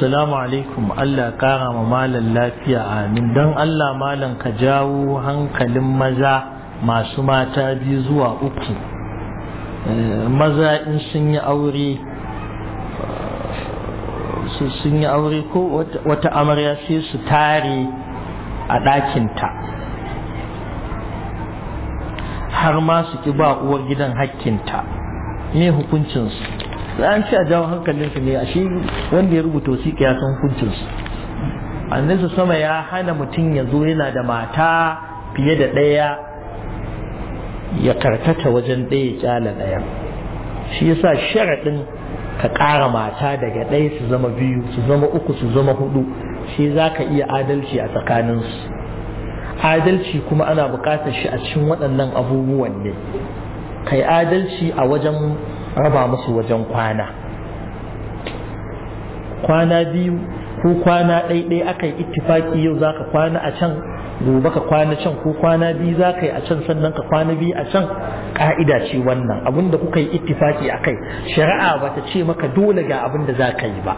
assalamu alaikum Allah kara ma malan lafiya amin don Allah malan ka jawo hankalin maza masu mata biyu zuwa uku eh, maza in sun yi aure eh, sun yi aure ko wata amarya sai su tare a ɗakinta har ma su ƙi ba uwar gidan hakkinta me hukuncinsu an ci a jawo hankalinsu ne a shi wanda ya rubuta wasiƙa ya san hukuncinsu annabi sama ya hana mutum ya zo yana da mata fiye da ɗaya ya karkata wajen ɗaya ƙyala ɗaya shi ya sa sharaɗin ka ƙara mata daga ɗaya su zama biyu su zama uku su zama hudu shi za ka iya adalci a tsakaninsu adalci kuma ana buƙatar shi a cikin waɗannan abubuwan ne kai adalci a wajen raba musu wajen kwana kwana biyu ko kwana ɗaiɗai aka yi ittifaki yau za ka kwana a can gobe ka kwana can ko kwana biyu za ka yi a can sannan ka kwana biyu a can ƙa'ida ce wannan abin da kuka yi ittifaki a kai shari'a ba ta ce maka dole ga abin da za ka yi ba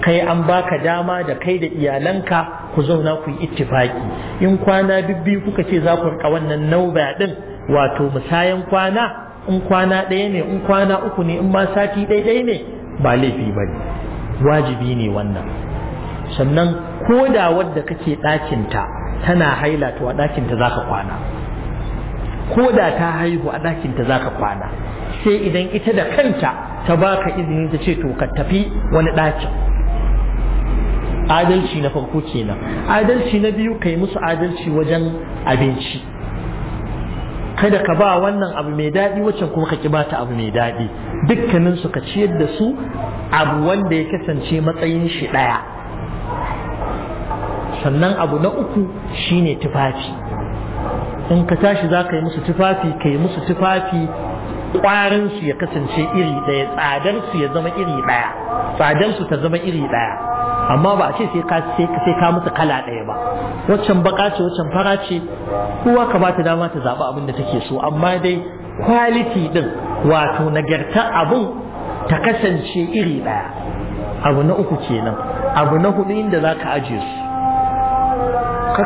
kai an baka dama da kai da iyalanka ku zauna ku yi ittifaki in kwana biyu kuka ce za ku rika wannan nauba din wato musayan kwana in kwana ɗaya ne in kwana uku ne in ba sati ɗaiɗai ne ba laifi ba ne wajibi ne wannan sannan ko da wadda kake ɗakinta tana haila to a ɗakinta za ka kwana ko da ta haihu a ɗakinta za ka kwana sai idan ita da kanta ta baka izini ta ce to ka tafi wani ɗakin adalci na farko kenan adalci na biyu kai musu adalci wajen abinci kada ka ba wannan abu mai daɗi waccan kuma ka ki ba ta abu mai daɗi dukkanin su ka ciyar da su abu wanda ya kasance matsayin shi ɗaya sannan abu na uku shine tufafi in ka tashi za ka yi musu tufafi ka yi musu tufafi ƙwarin su ya kasance iri ɗaya tsadar su ya zama iri ɗaya tsadar su ta zama iri ɗaya amma ba a ce sai ka ka musu kala ɗaya ba waccan baka ce waccan fara ce kowa ka bata dama ta zaɓi abin da take so amma dai kwaliti ɗin wato nagarta abun ta kasance iri ɗaya abu na uku kenan abu na hudu inda za ka aje su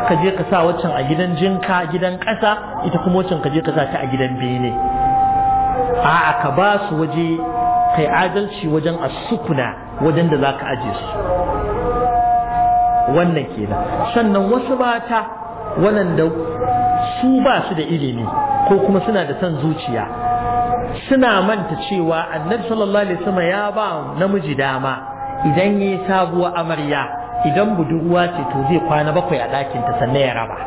ka je ka sa waccan a gidan jinka gidan ƙasa ita kuma waccan ka je ka sa ta a gidan bene a'a ka ba su waje kai adalci wajen a sukuna wajen da za ka aje su wannan kenan sannan wasu mata waɗanda su ba su da ilimi ko kuma suna da son zuciya suna manta cewa annabi sallallahu alaihi wasallam ya ba namiji dama idan yi sabuwa amarya idan budurwa ce to zai kwana bakwai a ɗakin ta sannan ya raba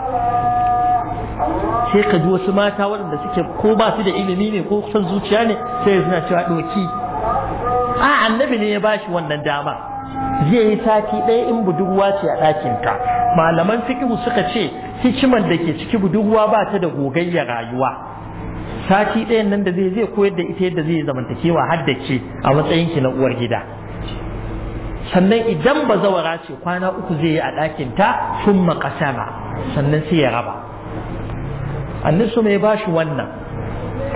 sai ka wasu mata waɗanda suke ko ba su da ilimi ne ko son zuciya ne sai suna cewa ɗoki a annabi ne ya bashi wannan dama zai yi sati ɗaya in budurwa ce a ɗakinka malaman fikihu suka ce hikimar da ke ciki budurwa ba ta da gogayya rayuwa sati ɗaya nan da zai zai koyar da ita yadda zai zamantakewa har da ke a matsayin ki na uwar gida sannan idan ba zawara ce kwana uku zai yi a ɗakinta sun makasana sannan sai ya raba annisu mai ba shi wannan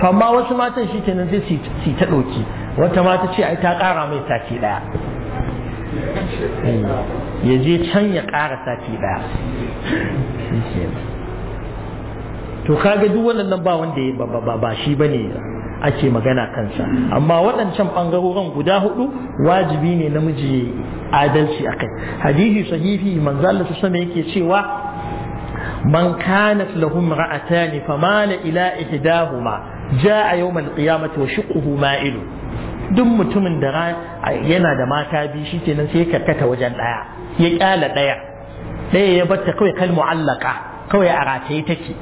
amma wasu matan shi kenan sai su ta ɗauki wata mata ce ai ta ƙara mai sati ɗaya Eh, ya je can ya ƙara sati ɗaya to kaga duk waɗannan ba wanda ya ba shi ba ne ake magana kansa amma waɗancan ɓangarorin guda hudu wajibi ne namiji adalci a kai hadisi sahihi manzo Allah su sama yake cewa man kanat lahum ra'atani famala ila ihdahuma jaa yawm al-qiyamati wa shiqquhu ma'ilu duk mutumin da yana da mata biyu shi nan sai karkata wajen ɗaya ya ƙyala ɗaya ɗaya ya batta kawai kal mu'allaka kawai a rataye take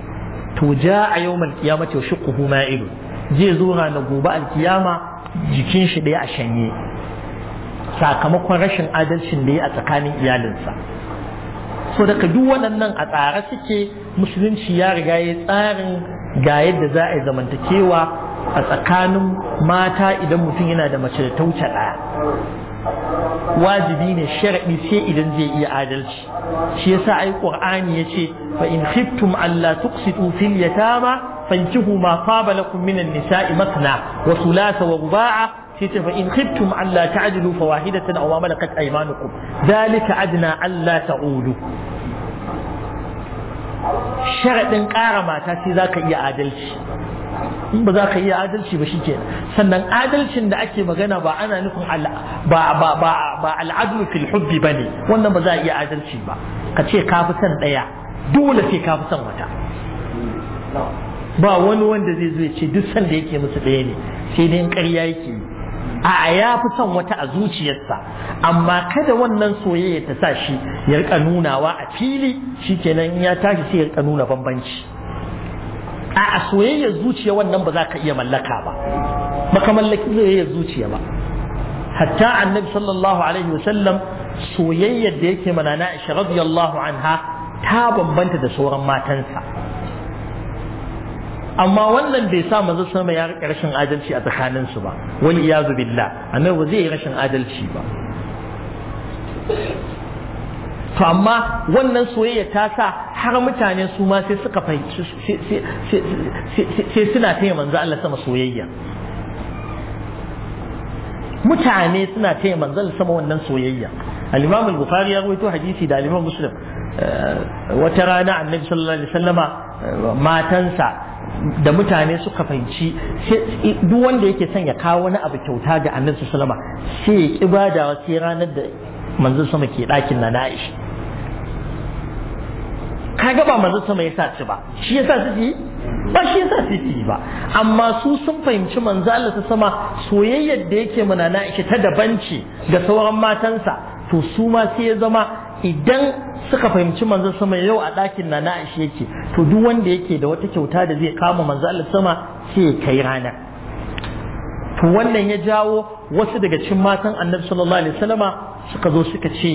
to ja a yau mal kiyamati wa shuqquhu ma'ilu je zo na gobe kiyama jikin shi ɗaya a shanye sakamakon rashin adalcin da ya a tsakanin iyalinsa so daga duk waɗannan a tsare suke musulunci ya riga ya tsarin ga yadda za a yi zamantakewa a tsakanin mata idan mutum yana da mace da tauce ɗaya wajibi ne sharaɗi sai idan zai iya adalci shi yasa ai qur'ani yace fa in khiftum alla tuqsitu fil yatama fankihu ma taba lakum minan nisa'i makna?" wa thulatha wa ruba'a sai fa in khiftum alla ta'dilu fawahidatan aw ma malakat aymanukum dalika adna alla ta'ulu sharadin ƙara mata sai zaka iya adalci in ba za ka iya adalci ba shike sannan adalcin da ake magana ba ana nufin ba al'adun filhubbi ba ne. fil hubbi ne wannan ba za a iya adalci ba ka ce ka fi son ɗaya. dole sai ka fi son wata ba wani wanda zai zo ya ce duk sanda da yake musu ɗaya ne sai dai ƙarya yake yi. a ya fi son wata a zuciyarsa amma kada wannan soyayya ta sa shi ya rika nunawa a fili shikenan ya tashi sai ya nuna bambanci a a soyayyar zuciya wannan ba za ka iya mallaka ba baka mallaki soyayyar zuciya ba hatta annabi sallallahu alaihi wasallam soyayyar da yake mana na Aisha radiyallahu anha ta bambanta da sauran matansa amma wannan bai sa manzo sama ya rike rashin adalci a tsakanin su ba wal iyazu billah annabi ba zai yi rashin adalci ba to amma wannan soyayya ta sa har mutane su ma sai suka fahimci sai suna taya manzo Allah sama soyayya mutane suna taya manzo Allah sama wannan soyayya al-Imam al-Bukhari ya rawaito hadisi da al-Imam Muslim eh, wata rana annabi sallallahu alaihi wasallama eh, matansa da mutane suka fahimci duk wanda yake son ya kawo wani abu kyauta ga annabi sallallahu alaihi wasallama sai ya kibada sai ranar da manzon sama ke ɗakin na na'ishi kaga ba manzon sama ya ci ba shi ya sa su yi ba shi ya sa su yi ba amma su sun fahimci manzo Allah ta sama soyayyar da yake mana na'ishi ta daban ce ga sauran matansa to su ma sai ya zama idan suka fahimci manzon sama yau a ɗakin na aisha yake to duk wanda yake da wata kyauta da zai kama manzo Allah sama sai ya kai ranar to wannan ya jawo wasu daga cikin matan annabi sallallahu alaihi wasallama suka zo suka ce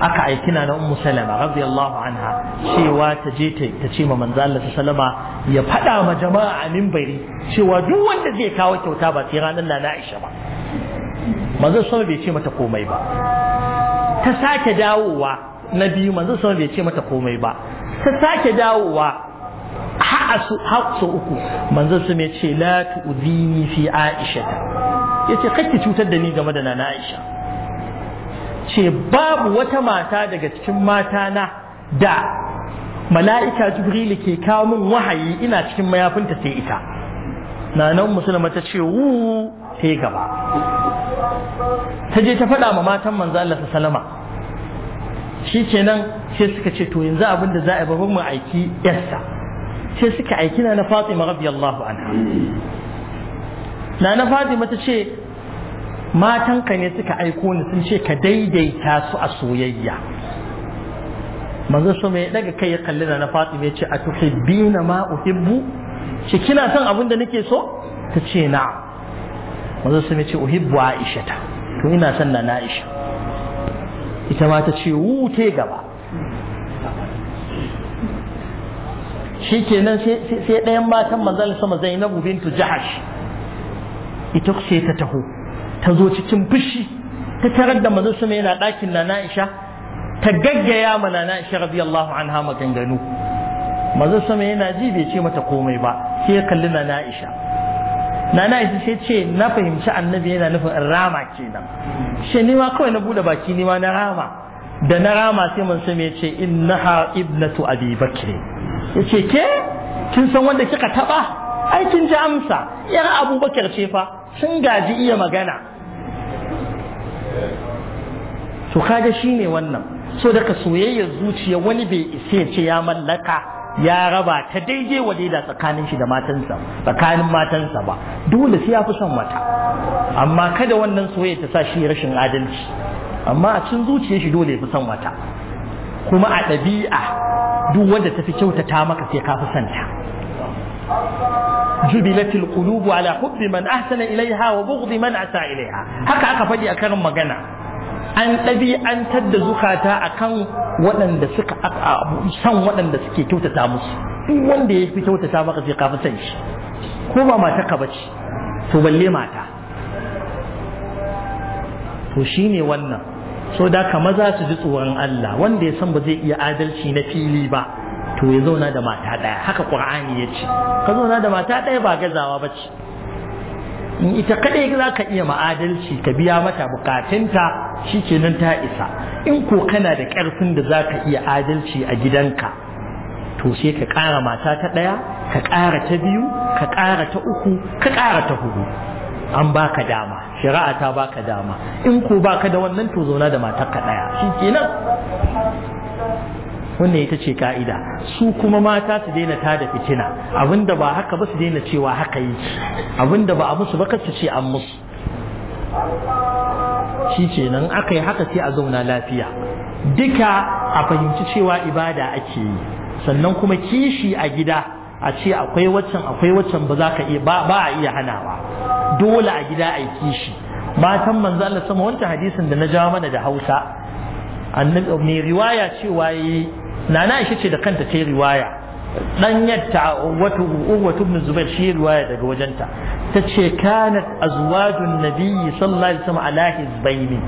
aka aiki na ummu salama radiyallahu anha cewa ta je ta ce ma manzo Allah salama ya fada ma jama'a a minbari cewa duk wanda zai kawo kyauta ba sai ranar na Aisha ba manzo sallallahu bai ce mata komai ba ta sake dawowa na biyu manzo sallallahu bai ce mata komai ba ta sake dawowa haƙa uku manzo su mai ce la tu'zini fi aisha ya ce kake cutar da ni game da nana aisha ce babu wata mata daga cikin mata na da mala'ika jibril ke kawo min wahayi ina cikin mayafinta sai ita nanan musulma ta ce wu sai gaba ta je ta faɗa ma matan manzo Allah salama. shi kenan sai suka ce to yanzu abinda za a yi babban mu aiki yarsa sai suka aiki na Fatima radiyallahu anha na na Fatima ta ce matanka ne suka aiko ni sun ce ka daidaita su a soyayya manzo so mai daga kai ya kalli na Fatima ya ce "Bina ma uhibbu shi kina son abin da nake so ta ce na. manzo so mai ce uhibbu Aisha ta to ina son na Aisha ita ma ta ce wute gaba shi kenan sai ɗayan matan manzal sama zainabu bintu jahash ita sai ta taho ta zo cikin fushi ta tarar da manzal sama yana ɗakin na na'isha ta gaggaya ma na na'isha radiyallahu anha maganganu manzal sama yana ji bai ce mata komai ba sai ya kalli na na'isha na na'isha sai ce na fahimci annabi yana nufin rama kenan shi ni ma kawai na buɗe baki ni ma na rama da na rama sai mun sami ya ce innaha ibnatu abi yace ke kin san wanda kika taba ai kin ji amsa yar abubakar ce fa sun gaji iya magana to kaga shine wannan so daga soyayyar zuciya wani bai isa ya ce ya mallaka ya raba ta daidai wa daida tsakanin shi da matansa tsakanin matansa ba dole sai ya fi son mata amma kada wannan soyayya ta sa shi rashin adalci amma a cin zuciyar shi dole ya fi son mata kuma a ɗabi'a duk wanda tafi kyautata maka sai ka fi santa jubilatul qulubu ala hubbi man ahsana ilaiha wa bughdi man asa ilaiha haka aka faɗi a karin magana an an tadda zukata akan waɗanda suka san waɗanda suke kyautata musu duk wanda ya fi kyautata maka sai ka fi san shi ko ba mata ka bace to balle mata to shine wannan so da ka maza su ji tsoron Allah wanda ya san ba zai iya adalci na fili ba to ya zauna da mata ɗaya haka ƙur'ani ya ce ka zauna da mata ɗaya ba gazawa ba ce in ita kaɗai za ka iya ma'adalci ka biya mata bukatunta shikenan ta isa in ko kana da ƙarfin da za ka iya adalci a gidanka to sai ka ƙara mata ta ɗaya ka ƙara ta biyu ka ƙara ta uku ka ƙara ta hudu an baka dama shari'a ta baka dama in ko baka da wannan to zauna da matarka daya kenan wannan ita ce ka'ida su kuma mata su daina ta da fitina abinda ba haka ba su daina cewa haka yi abinda ba a musu ba su ce an musu shi kenan aka yi haka sai a zauna lafiya duka a fahimci cewa ibada ake yi sannan kuma kishi a gida a ce akwai waccan akwai waccan ba za ka iya ba a iya hanawa dole a gida a shi. matan manzo Allah sama wancan hadisin da na ja mana da Hausa annabi mai riwaya cewa yi nana Aisha ce da kanta ta riwaya dan yatta wato uwatu ibn Zubair shi riwaya daga wajenta tace kanat azwajun nabiyyi sallallahu alaihi wasallam ala hizbaini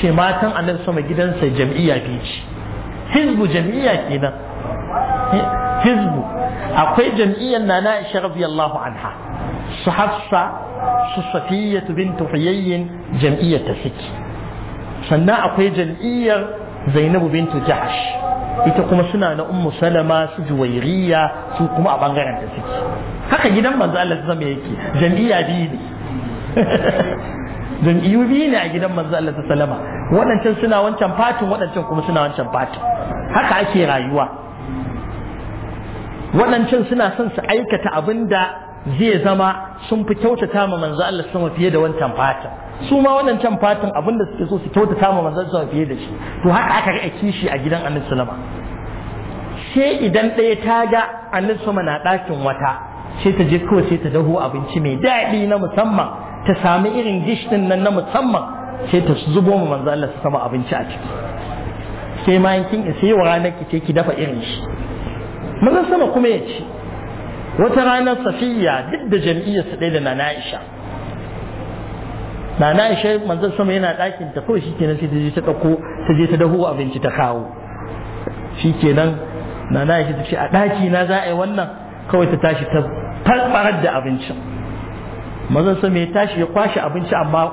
ce matan annabi sama gidansa jam'iyya ke ce hizbu jam'iyya kenan hizbu akwai jam'iyyar nana Aisha radiyallahu anha su hafsa su safiyatu bintu huyayyin jam'iyyar ta suke sannan akwai jam'iyyar zainabu bintu jahash ita kuma suna na ummu salama su juwairiya su kuma a bangaren ta suke haka gidan manzo Allah ta zama yake jam'iyya biyu ne jam'iyyu biyu ne a gidan manzo Allah ta salama waɗancan suna wancan fatin waɗancan kuma suna wancan fatin haka ake rayuwa waɗancan suna son su aikata abin da zai zama sun fi kyautata ma manzo Allah sama fiye da wancan fatan su ma waɗancan fatan abinda suke so su kyautata ma manzo sama fiye da shi to haka aka ga kishi a gidan Annabi sallama sai idan ɗaya ta ga Annabi sama na ɗakin wata sai ta je kawai sai ta daho abinci mai daɗi na musamman ta samu irin dish din nan na musamman sai ta zubo ma manzo Allah sama abinci a ciki sai ma yankin sai wa ranar ki ce ki dafa irin shi manzo sama kuma ya ce. wata ranar safiya duk da jami'ar su ɗaya da nana isha nana isha manzan sama yana ɗakin ta kawai shikenan sai ta je ta ɗauko ta je ta dahu abinci ta kawo shikenan nana isha ta ce a ɗaki na za a yi wannan kawai ta tashi ta farfarar da abincin manzan sama ya tashi ya kwashe abinci amma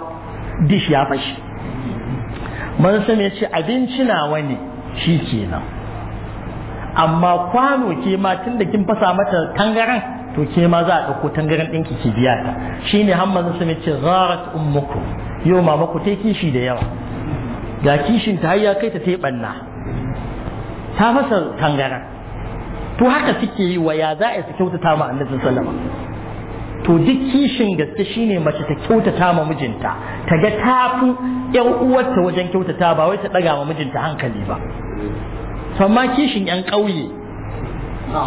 dish ya fashi manzan sama ya ce abinci nawa ne shikenan amma kwano ke ma tun da kin fasa mata tangaran to ke ma za a ɗauko tangaran ɗinki ki biya ta shine hammazin sun ce zarat ummuku yau mama ku ta kishi da yawa ga kishin ta ya kai ta ta banna ta fasa tangaran to haka suke yi wa ya za a su kyautata ma annabi sallama to duk kishin gaske shine mace ta kyautata ma mijinta ta ga tafi 'yar uwarta wajen kyautata ba wai ta ɗaga ma mijinta hankali ba amma kishin yan ƙauye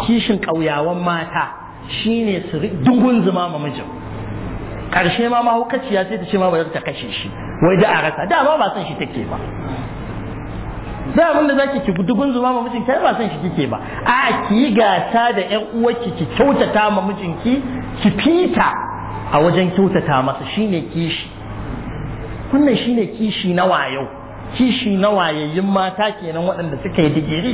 kishin ƙauyawan mata shine su dugun zuma ma mijin karshe ma mahaukaciya sai ta ce ma ba za ta kashe shi wai da a rasa da ba ba san shi take ba da abin da zaki ki dugun zuma ma mijin kai ba san shi kike ba a ki gasa da ƴan uwarki ki kyautata ma mijinki ki fita a wajen kyautata masa shine kishi wannan shine kishi na wayo kishi na wayayyun mata kenan waɗanda suka yi digiri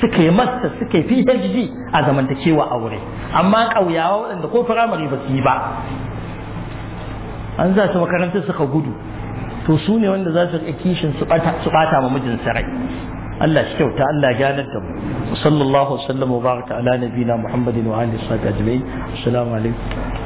suka yi masta suka yi phd a zamantakewa aure amma ƙauyawa waɗanda ko firamare ba su yi ba an za su makarantar suka gudu to su ne wanda za su riƙe kishin su ɓata ma mijin sarai Allah shi kyauta Allah ganar da mu sallallahu alaihi wa sallam wa baraka ala nabiyina muhammadin wa alihi wa sahbihi ajma'in assalamu alaikum